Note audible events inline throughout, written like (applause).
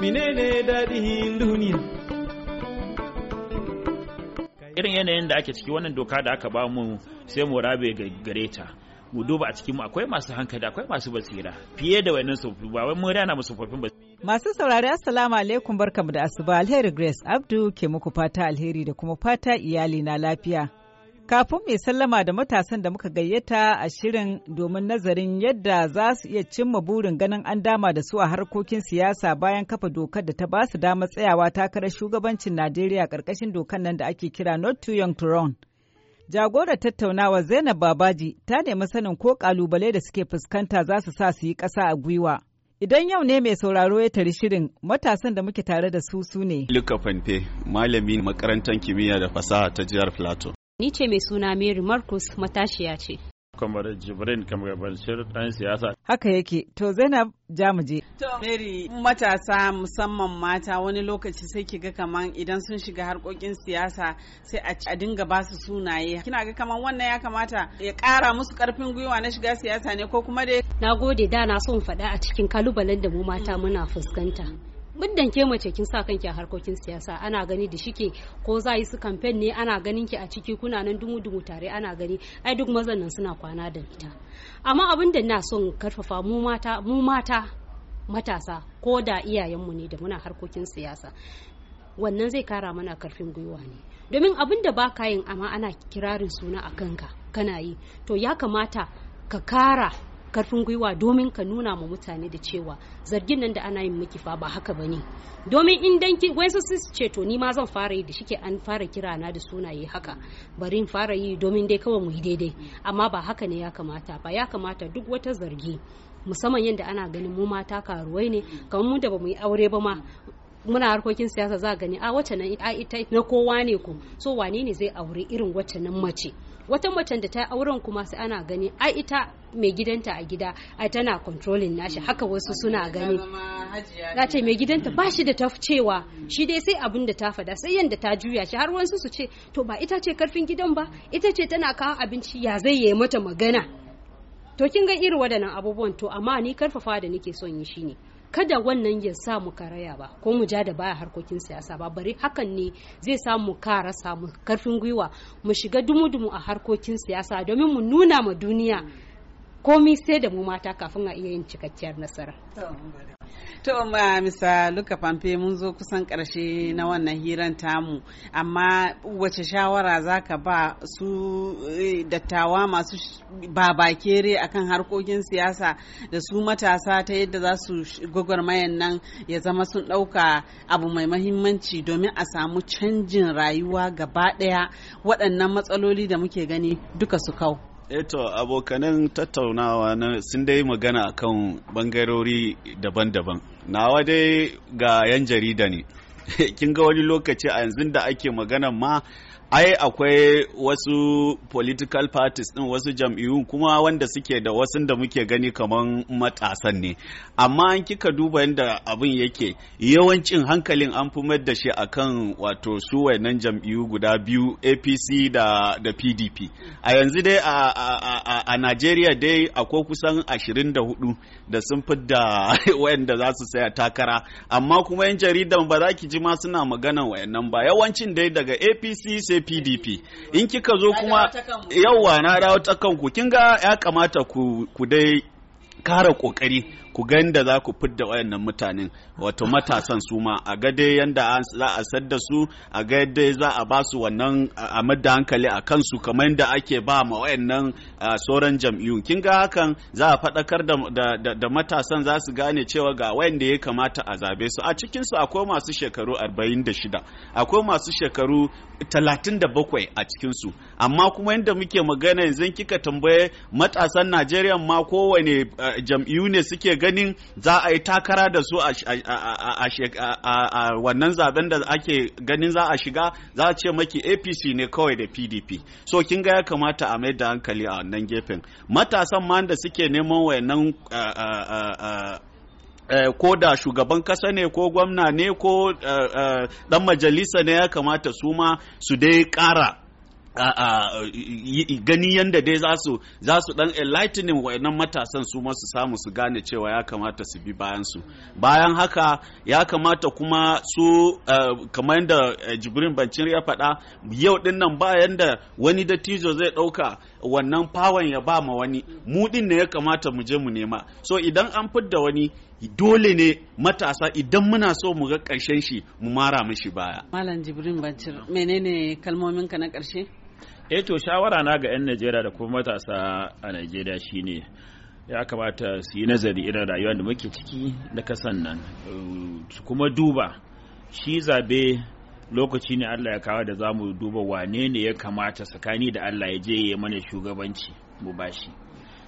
menene daɗin duniya irin yanayin da ake ciki wannan doka da aka ba mu sai mu rabe gare ta mu duba a cikinmu akwai masu hankali akwai masu basira fiye da wannan tsofaffi ba wai mun rana mu tsofaffin ba masu saurari assalamu alaikum barkamu da asuba alheri grace abdu ke muku fata alheri da kuma fata iyali na lafiya Kafin mai sallama da matasan da muka gayyata a shirin domin nazarin yadda za su iya cimma burin ganin an dama da su a harkokin siyasa bayan kafa dokar da ta ba su damar tsayawa takarar shugabancin Najeriya karkashin dokar nan da ake kira Not Too Young to Run. Jagorar tattaunawa Zainab Babaji ta nemi sanin ko kalubale da suke fuskanta za su sa su yi ƙasa a gwiwa. Idan yau ne mai sauraro ya tari shirin matasan da muke tare da su su ne. Luka Fanfe, malami makarantar kimiyya da fasaha ta jihar Plateau. Ni ce mai suna Mary Marcus matashiya ce. kamar jibrin kamar bashir ɗan siyasa haka yake to zainab jamuje to mary matasa musamman mata wani lokaci sai ki ga kaman idan sun shiga harkokin siyasa sai a dinga ba su sunaye kina ga kaman wannan ya kamata ya kara musu karfin gwiwa na shiga siyasa ne ko kuma dai na gode da na son faɗa a cikin kalubalen da mu mata muna fuskanta muddan ke mace kin sa kanki a harkokin siyasa ana gani da shike ko za yi su kamfen ne ana ganin ki a ciki kuna nan dumu dumu tare ana gani ai duk mazan nan suna kwana da ita amma abin da na son karfafa mu mata mu mata matasa ko da iyayenmu ne da muna harkokin siyasa wannan zai kara mana karfin gwiwa ne domin abin da ba yin amma ana kirarin suna a kanka kana yi to ya kamata ka kara karfin gwiwa domin ka nuna ma mutane da cewa zargin nan da ana yin miki fa ba haka bane domin in dan ki wai su ce to ni ma zan fara yi da shike an fara kira na da sunaye haka bari in fara yi domin dai kawai mu yi daidai amma ba haka ne ya kamata ba ya kamata duk wata zargi musamman yadda ana ganin mu mata karuwai ne kamar mu da bamu yi aure ba ma muna harkokin siyasa za gani a wacce nan a ita na kowa ne ku so wane ne zai aure irin wacce nan mace wata macen da ta yi auren kuma sai ana gani a ita mai gidanta a gida a tana controlling nashi haka wasu suna gani na ce mai gidanta ba shi da ta cewa shi dai sai abin da ta fada sai yanda ta juya shi har wasu su ce to ba ita ce karfin gidan ba ita ce tana kawo abinci ya zai yi mata magana to kin ga irin waɗannan abubuwan to amma ni karfafa da nake son yi shine kada wannan ya sa mu karaya ba ko mu ja da baya harkokin siyasa ba bari hakan ne zai sa mu kara samu karfin gwiwa mu shiga dumu-dumu a harkokin siyasa domin mu nuna ma duniya komi sai da mu mata kafin a iya yin cikakkiyar nasara To ma misa Luka Famfe mun zo kusan ƙarshe na wannan hiran tamu amma wace shawara za ka ba su eh, dattawa masu babakere akan harkokin siyasa da su matasa ta yadda za su gwagwarmayan nan ya zama sun ɗauka abu mai mahimmanci domin a samu canjin rayuwa gaba ɗaya waɗannan matsaloli da muke gani duka su kau. eto eh abokanan tattaunawa na sun dai magana kan bangarori daban-daban nawa dai ga yan jarida ne (laughs) kin ga wani lokaci a yanzu da ake magana ma ai akwai wasu political parties din wasu jam'iyyun kuma wanda suke da wasu da muke gani kaman matasan ne amma an kika duba yadda abin yake yawancin hankalin an fi da shi akan wato su wayannan jam'iyyu guda biyu APC da da PDP a yanzu dai a a, a, Najeriya dai akwai kusan 24 da sun fidda (laughs) wayanda za su saya takara amma kuma yan jaridan ba za ki ji ma suna maganan wayannan ba yawancin dai daga APC sai sai PDP in kika zo kuma yauwa na dawo ta kanku kinga ya kamata ku dai kara kokari ku ga yadda za ku fidda wayannan mutanen wato matasan su ma a ga dai yadda za a sadda su a ga yadda za a ba su wannan a madda hankali a kansu kamar yadda ake ba ma wayannan sauran jam'iyyun kin ga hakan za a faɗakar da matasan za su gane cewa ga wayanda ya kamata a zabe su a cikin su akwai masu shekaru 46 akwai masu shekaru 37 a cikin su amma kuma yadda muke magana yanzu kika tambaye matasan Najeriya ma kowane jam'iyyu ne suke ganin za a yi takara da su a wannan zaben da ake ganin za a shiga za a ce maki apc ne kawai da pdp so kin ga ya kamata a mai da hankali a wannan gefen matasan ma da suke neman wayannan ko da shugaban kasa ne ko gwamna ne ko ɗan dan majalisa ne ya kamata su ma su dai kara. gani yadda dai za su za su dan enlightening wayannan matasan su ma su samu su gane cewa ya kamata su bi bayan su bayan haka ya kamata kuma su eh, kamar yadda eh, jibrin bancin ya faɗa yau din nan bayan da wani dattijo zai ɗauka wannan fawon ya ba ma wani mu din ne ya kamata mu je mu nema so idan an fidda wani dole ne matasa idan muna so mu ga ƙarshen shi mu mara mishi baya malam jibrin bancir menene kalmominka na ƙarshe eh to shawara na ga 'yan najeriya da kuma matasa a najeriya shine ya kamata su yi nazari irin rayuwa da muke ciki na kasan nan su eh, kuma duba shi zabe lokaci ne allah ya kawo da za mu duba wane ne ya kamata tsakani da allah ya je ya mana shugabanci mu bashi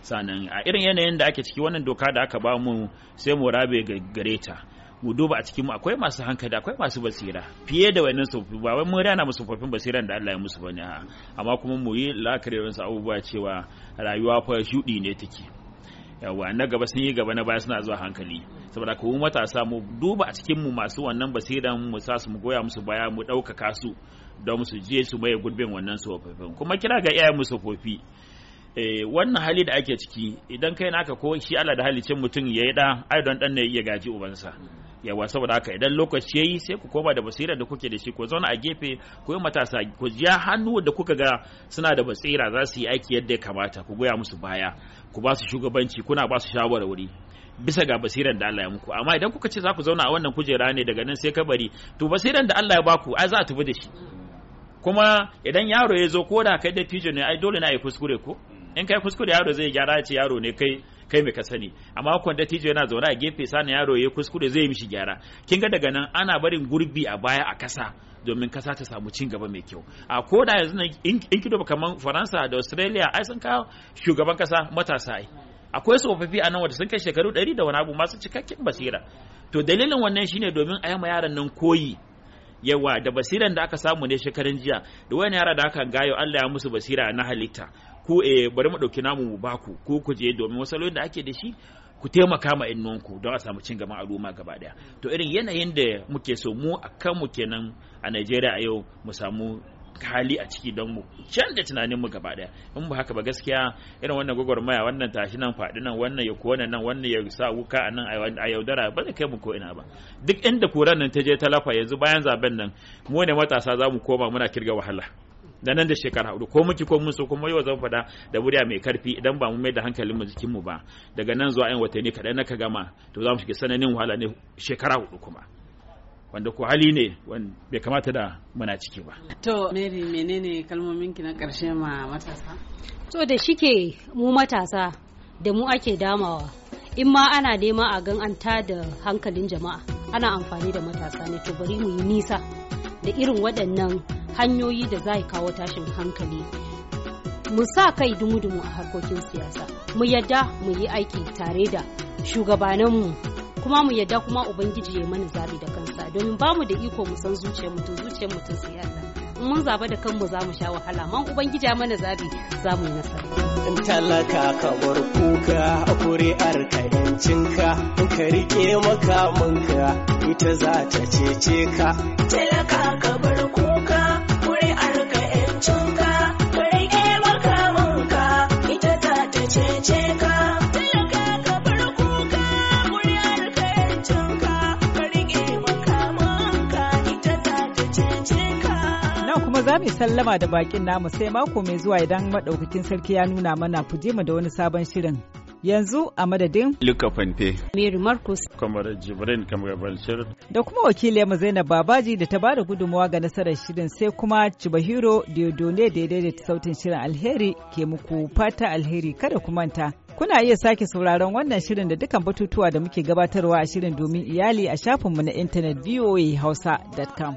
sannan a irin yanayin da ake ciki wannan doka da aka ba mu sai mu rabe gare ta mu duba a cikin mu akwai masu hankali akwai masu basira fiye da wannan tsofaffi ba wai mun rana musu tsofaffin basiran da Allah ya musu bane a amma kuma mu yi la'akari da abubuwa cewa rayuwa fa shudi ne take yawa na gaba sun yi gaba na baya suna zuwa hankali saboda ko matasa mu duba a cikin mu masu wannan basiran mu sa su mu goya musu baya mu ɗaukaka su don su je su maye gurbin wannan tsofaffin kuma kira ga iyayen mu tsofaffi eh, wannan hali da ake ciki idan kai naka ko shi Allah da halicin mutum yayi yi da ai don dan ne ya gaji ubansa yawa saboda haka idan lokaci yayi sai ku koma da basira da kuke da shi ku zauna a gefe ku yi matasa ku ja hannu da kuka ga suna da basira za su yi aiki yadda ya kamata ku goya musu baya ku ba su shugabanci kuna ba su shawarwari bisa ga basiran da Allah ya muku amma idan kuka ce za ku zauna a wannan kujera ne daga nan sai kabari to basiran da Allah ya baku ai za a tafi da shi kuma idan yaro ya zo ko da kai da ne ai dole na yi kuskure ko in kai kuskure yaro zai gyara ya ce yaro ne kai kai me ka sani amma kun da tijo yana zaune a gefe sani yaro ya kuskure zai mishi gyara kin ga daga nan ana barin gurbi a baya a kasa domin kasa ta samu cin gaba mai kyau a ko da yanzu in ki kaman Faransa da Australia ai sun kawo shugaban kasa matasa ai akwai tsofaffi a nan wanda sun kai shekaru 100 da wani abu masu cikakken basira to dalilin wannan shine domin a yama yaran nan koyi yawa da basiran da aka samu ne shekarun jiya da wani yara da aka gayo Allah ya musu basira na halitta ku e bari mu dauki namu mu baku ku ku je domin wasalolin da ake da shi ku taimaka ma ku don a samu cin gaban al'umma gaba daya to irin yanayin da muke so mu a kanmu kenan a Najeriya a yau mu samu hali a ciki don mu canza tunanin mu gaba daya in ba haka ba gaskiya irin wannan gwagwarmaya wannan tashi nan faɗi nan wannan ya kona nan wannan ya sa wuka a nan a yaudara ba zai kai mu ko ina ba duk inda koran nan ta je talafa yanzu bayan zaben nan mu ne matasa za mu koma muna kirga wahala da nan da shekara hudu ko muke ko mun so kuma yau zan fada da murya mai karfi idan ba mu mai da hankalin mu jikin mu ba daga nan zuwa ayan watanni kaɗan na ka gama to za mu shiga sananin wahala ne shekara hudu kuma wanda ko hali ne wanda bai kamata da muna ciki ba to mary menene kalmomin ki na karshe ma matasa to da shike mu matasa da mu ake damawa in ma ana nema a gan an da hankalin jama'a ana amfani da matasa ne to bari mu yi nisa da irin waɗannan hanyoyi da za kawo tashin hankali mu sa kai dumudumu a harkokin siyasa mu yadda mu yi aiki tare da shugabaninmu kuma mu yadda kuma ubangiji ya mana zabi da kansa domin ba mu da iko mu san zuciyar mutum zuciyar mutum siyasa in mun zaba da kanmu za mu sha wahala man ubangiji ya mana zabi za mu yi nasara in talaka ka bar kuka kuri'ar ka in ka rike makamanka ita za ta cece ka talaka ka bar kuka za mu sallama da bakin namu sai mako mai zuwa idan madaukakin sarki ya nuna mana fujima da wani sabon shirin. Yanzu a madadin Luka Fante, Mary Marcus, Kamara Jibrin Kamar da kuma wakilinmu Zainab Babaji da ta bada gudunmawa ga nasarar shirin sai kuma Chibahiro Diodone da ya daidaita sautin shirin alheri ke muku fata alheri kada ku manta. Kuna iya sake sauraron wannan shirin da dukkan batutuwa da muke gabatarwa a shirin domin iyali a shafinmu na intanet voahausa.com.